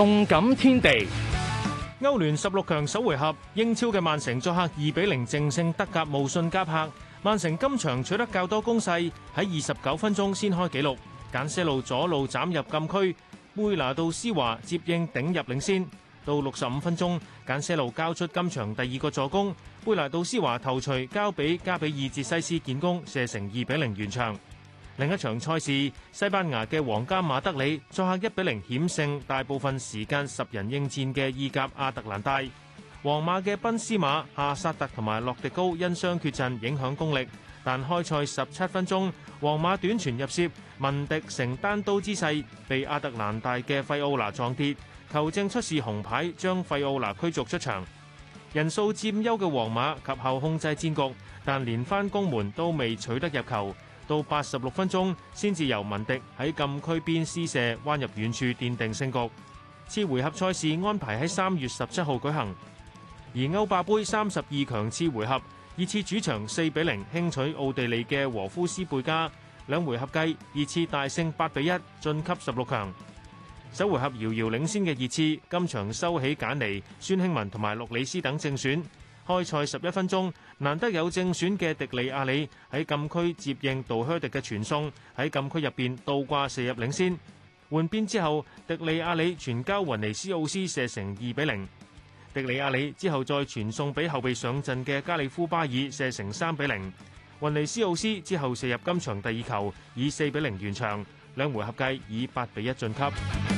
動感天地，歐聯十六強首回合，英超嘅曼城作客二比零淨勝德甲慕遜加柏。曼城今場取得較多攻勢，喺二十九分鐘先開紀錄，簡西路左路斬入禁區，貝拿度施華接應頂入領先。到六十五分鐘，簡西路交出今場第二個助攻，貝拿度施華頭錘交俾加比爾捷西斯建功，射成二比零完場。另一場賽事，西班牙嘅皇家馬德里作客一比零險勝大部分時間十人應戰嘅意甲阿特蘭大。皇馬嘅賓斯馬、阿薩特同埋洛迪高因傷缺陣影響功力，但開賽十七分鐘，皇馬短傳入攝，文迪成單刀之勢，被阿特蘭大嘅費奧拿撞跌，球證出示紅牌將費奧拿驅逐出場。人數佔優嘅皇馬及後控制戰局，但連番攻門都未取得入球。到八十六分鐘，先至由文迪喺禁區邊施射，彎入遠處奠定勝局。次回合賽事安排喺三月十七號舉行。而歐霸杯三十二強次回合，熱刺主場四比零輕取奧地利嘅和夫斯貝加，兩回合計熱刺大勝八比一，晉級十六強。首回合遙遙領先嘅熱刺，今場收起簡尼、孫興文同埋洛里斯等正選。開賽十一分鐘，難得有正選嘅迪利亞里喺禁區接應杜靴迪嘅傳送，喺禁區入邊倒掛射入領先。換邊之後，迪利亞里傳交雲尼斯奧斯射成二比零。迪利亞里之後再傳送俾後備上陣嘅加利夫巴爾射成三比零。雲尼斯奧斯之後射入今場第二球，以四比零完場。兩回合計以八比一晉級。